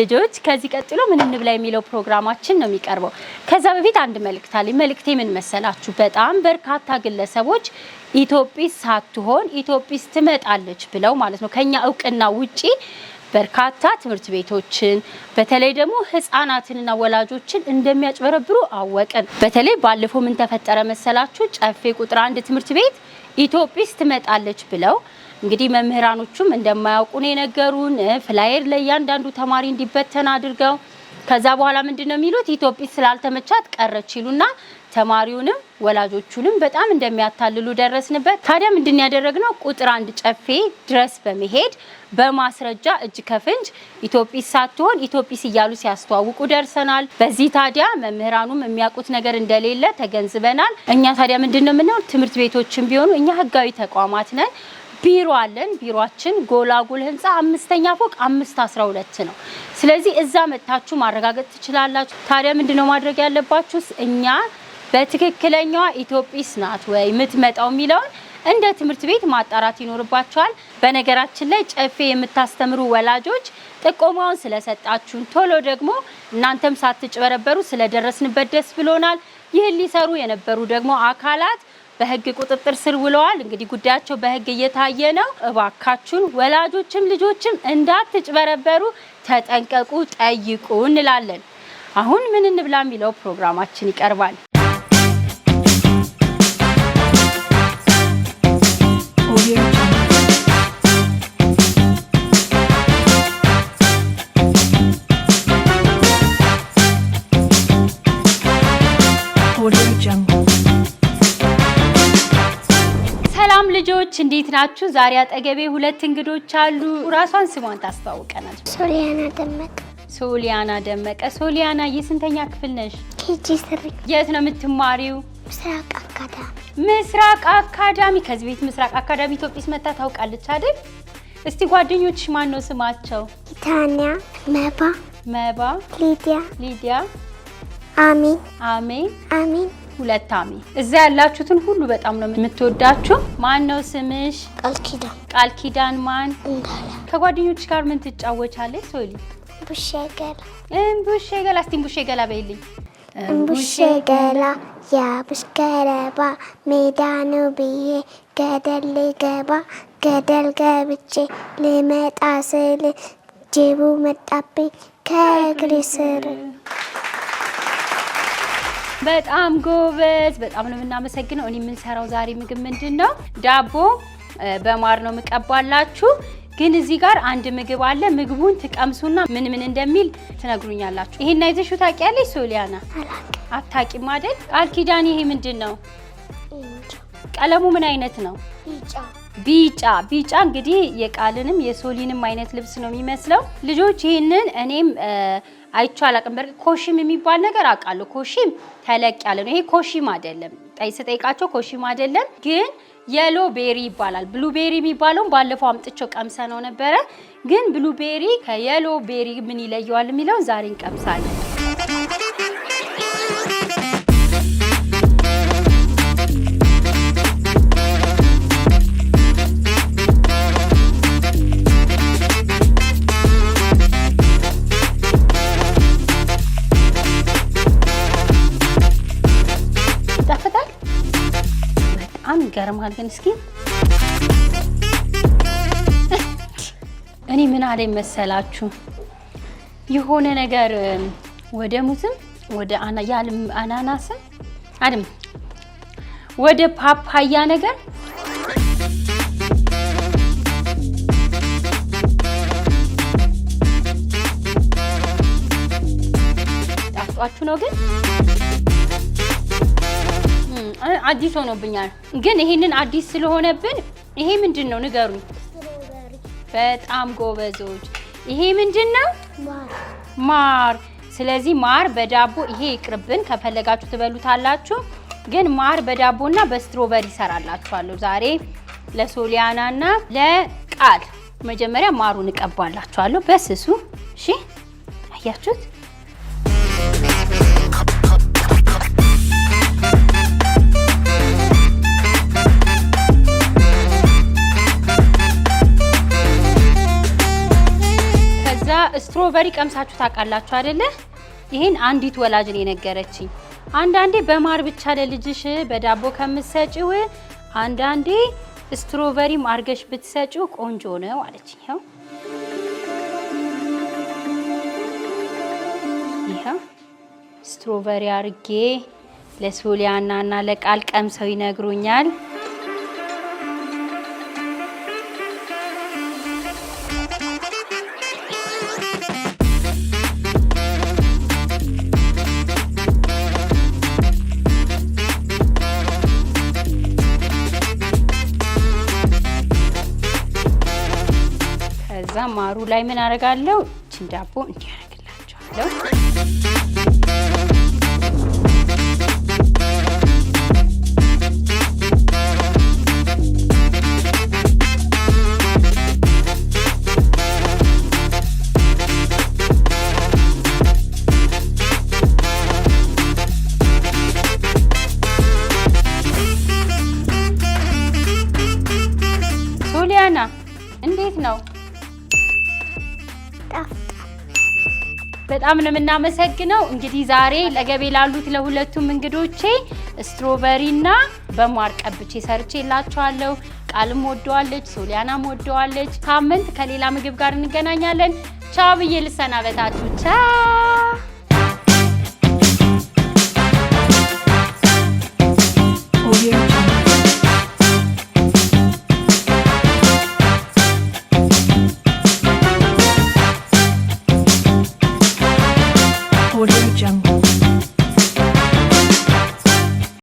ልጆች ከዚህ ቀጥሎ ምን እንብላ የሚለው ፕሮግራማችን ነው የሚቀርበው። ከዛ በፊት አንድ መልእክት አለኝ። መልእክቴ ምን መሰላችሁ? በጣም በርካታ ግለሰቦች ኢትዮጵስ ሳትሆን ኢትዮጵስ ትመጣለች ብለው ማለት ነው ከኛ እውቅና ውጪ በርካታ ትምህርት ቤቶችን በተለይ ደግሞ ህጻናትንና ወላጆችን እንደሚያጭበረብሩ አወቅን። በተለይ ባለፈው ምን ተፈጠረ መሰላችሁ? ጨፌ ቁጥር አንድ ትምህርት ቤት ኢትዮጵስ ትመጣለች ብለው እንግዲህ መምህራኖቹም እንደማያውቁ ነው የነገሩን። ፍላየር ለእያንዳንዱ ተማሪ እንዲበተን አድርገው ከዛ በኋላ ምንድን ነው የሚሉት ኢትዮጵያ ስላልተመቻት ቀረች ይሉና ተማሪውንም ወላጆቹንም በጣም እንደሚያታልሉ ደረስንበት። ታዲያ ምንድን ያደረግነው ቁጥር አንድ ጨፌ ድረስ በመሄድ በማስረጃ እጅ ከፍንጅ ኢትዮጲስ ሳትሆን ኢትዮጲስ እያሉ ሲያስተዋውቁ ደርሰናል። በዚህ ታዲያ መምህራኑም የሚያውቁት ነገር እንደሌለ ተገንዝበናል። እኛ ታዲያ ምንድን ነው የምንሆን ትምህርት ቤቶችን ቢሆኑ እኛ ህጋዊ ተቋማት ነን ቢሮ አለን። ቢሮአችን ጎላጉል ህንፃ አምስተኛ ፎቅ አምስት አስራ ሁለት ነው። ስለዚህ እዛ መታችሁ ማረጋገጥ ትችላላችሁ። ታዲያ ምንድነው ማድረግ ያለባችሁስ? እኛ በትክክለኛዋ ኢትዮጵስ ናት ወይ የምትመጣው የሚለውን እንደ ትምህርት ቤት ማጣራት ይኖርባቸዋል። በነገራችን ላይ ጨፌ የምታስተምሩ ወላጆች ጥቆማውን ስለሰጣችሁን ቶሎ ደግሞ እናንተም ሳትጭበረበሩ ስለደረስንበት ደስ ብሎናል። ይህን ሊሰሩ የነበሩ ደግሞ አካላት በህግ ቁጥጥር ስር ውለዋል። እንግዲህ ጉዳያቸው በህግ እየታየ ነው። እባካችሁን ወላጆችም ልጆችም እንዳትጭበረበሩ ተጠንቀቁ፣ ጠይቁ እንላለን። አሁን ምን እንብላ የሚለው ፕሮግራማችን ይቀርባል። እንዴት ናችሁ? ዛሬ አጠገቤ ሁለት እንግዶች አሉ። ራሷን ስሟን ታስተዋውቀናል። ሶሊያና ደመቀ። ሶሊያና ደመቀ። ሶሊያና የስንተኛ ክፍል ነሽ? ኬጂ ስሪ። የት ነው የምትማሪው? ምስራቅ አካዳሚ። ምስራቅ አካዳሚ። ከዚህ ቤት ምስራቅ አካዳሚ ኢትዮጵስ መታ ታውቃለች አይደል? እስቲ ጓደኞችሽ ማን ነው ስማቸው? ታንያ፣ መባ፣ መባ፣ ሊዲያ፣ ሊዲያ፣ አሜን፣ አሜን፣ አሜን ሁለት አሜ። እዛ ያላችሁትን ሁሉ በጣም ነው የምትወዳችሁ። ማን ነው ስምሽ? ቃል ኪዳን። ቃል ኪዳን ማን? እንዳለ። ከጓደኞች ጋር ምን ትጫወቻለች? ሶሊ እምቡሼ ገላ። እምቡሼ ገላ። እስቲ እምቡሼ ገላ በይልኝ። እምቡሼ ገላ ያቡሽ ገለባ ሜዳ ነው ብዬ ገደል ልገባ ገደል ገብቼ ልመጣ ስል ጅቡ መጣብኝ ከእግሬ ስር በጣም ጎበዝ፣ በጣም ነው የምናመሰግነው። እኔ የምንሰራው ዛሬ ምግብ ምንድን ነው? ዳቦ በማር ነው የምቀባላችሁ። ግን እዚህ ጋር አንድ ምግብ አለ። ምግቡን ትቀምሱና ምን ምን እንደሚል ትነግሩኛላችሁ። ይሄን አይዘሹ ታውቂያለሽ? ሶሊያና አታውቂም አይደል? ቃል ኪዳን፣ ይሄ ምንድን ነው? ቀለሙ ምን አይነት ነው? ቢጫ ቢጫ እንግዲህ የቃልንም የሶሊንም አይነት ልብስ ነው የሚመስለው። ልጆች ይህንን እኔም አይቼ አላቅም። በርግጥ ኮሽም የሚባል ነገር አውቃለሁ። ኮሽም ተለቅ ያለ ነው። ይሄ ኮሽም አይደለም፣ ጠይ ስጠይቃቸው ኮሽም አይደለም ግን የሎ ቤሪ ይባላል። ብሉ ቤሪ የሚባለውን ባለፈው አምጥቼው ቀምሰ ነው ነበረ። ግን ብሉ ቤሪ ከየሎ ቤሪ ምን ይለየዋል የሚለውን ዛሬ እንቀምሳለን። በጣም ይገርማል። ግን እስኪ እኔ ምን አለኝ መሰላችሁ የሆነ ነገር ወደ ሙዝም ወደ አናናስም አድም ወደ ፓፓያ ነገር ጣፍጧችሁ ነው ግን አዲስ ሆኖብኛል። ግን ይሄንን አዲስ ስለሆነብን ይሄ ምንድን ነው ንገሩኝ። በጣም ጎበዞች። ይሄ ምንድን ነው? ማር። ስለዚህ ማር በዳቦ ይሄ ይቅርብን፣ ከፈለጋችሁ ትበሉታላችሁ። ግን ማር በዳቦና በስትሮበሪ ይሰራላችኋለሁ ዛሬ ለሶሊያናና ለቃል መጀመሪያ ማሩን እቀባላችኋለሁ በስሱ። እሺ አያችሁት? ስትሮበሪ ቀምሳችሁ ታውቃላችሁ አይደለ? ይህን አንዲት ወላጅ ነው የነገረችኝ። አንዳንዴ በማር ብቻ ለልጅሽ በዳቦ ከምትሰጪው አንዳንዴ ስትሮበሪም አርገሽ ብትሰጪው ቆንጆ ነው አለችኝ። ይኸው ይኸው ስትሮበሪ አርጌ ለሶሊያና እና ለቃል ቀምሰው ይነግሩኛል። ማሩ ላይ ምን አደርጋለሁ? ይችን ዳቦ እንዲያደርግላቸዋለሁ በጣም ነው የምናመሰግነው። እንግዲህ ዛሬ ለገቤ ላሉት ለሁለቱም እንግዶቼ ስትሮበሪ እና በማር ቀብቼ ሰርቼ እላችኋለሁ። ቃልም ወደዋለች፣ ሶሊያናም ወደዋለች። ሳምንት ከሌላ ምግብ ጋር እንገናኛለን። ቻው ብዬ ልሰናበታችሁ። ቻው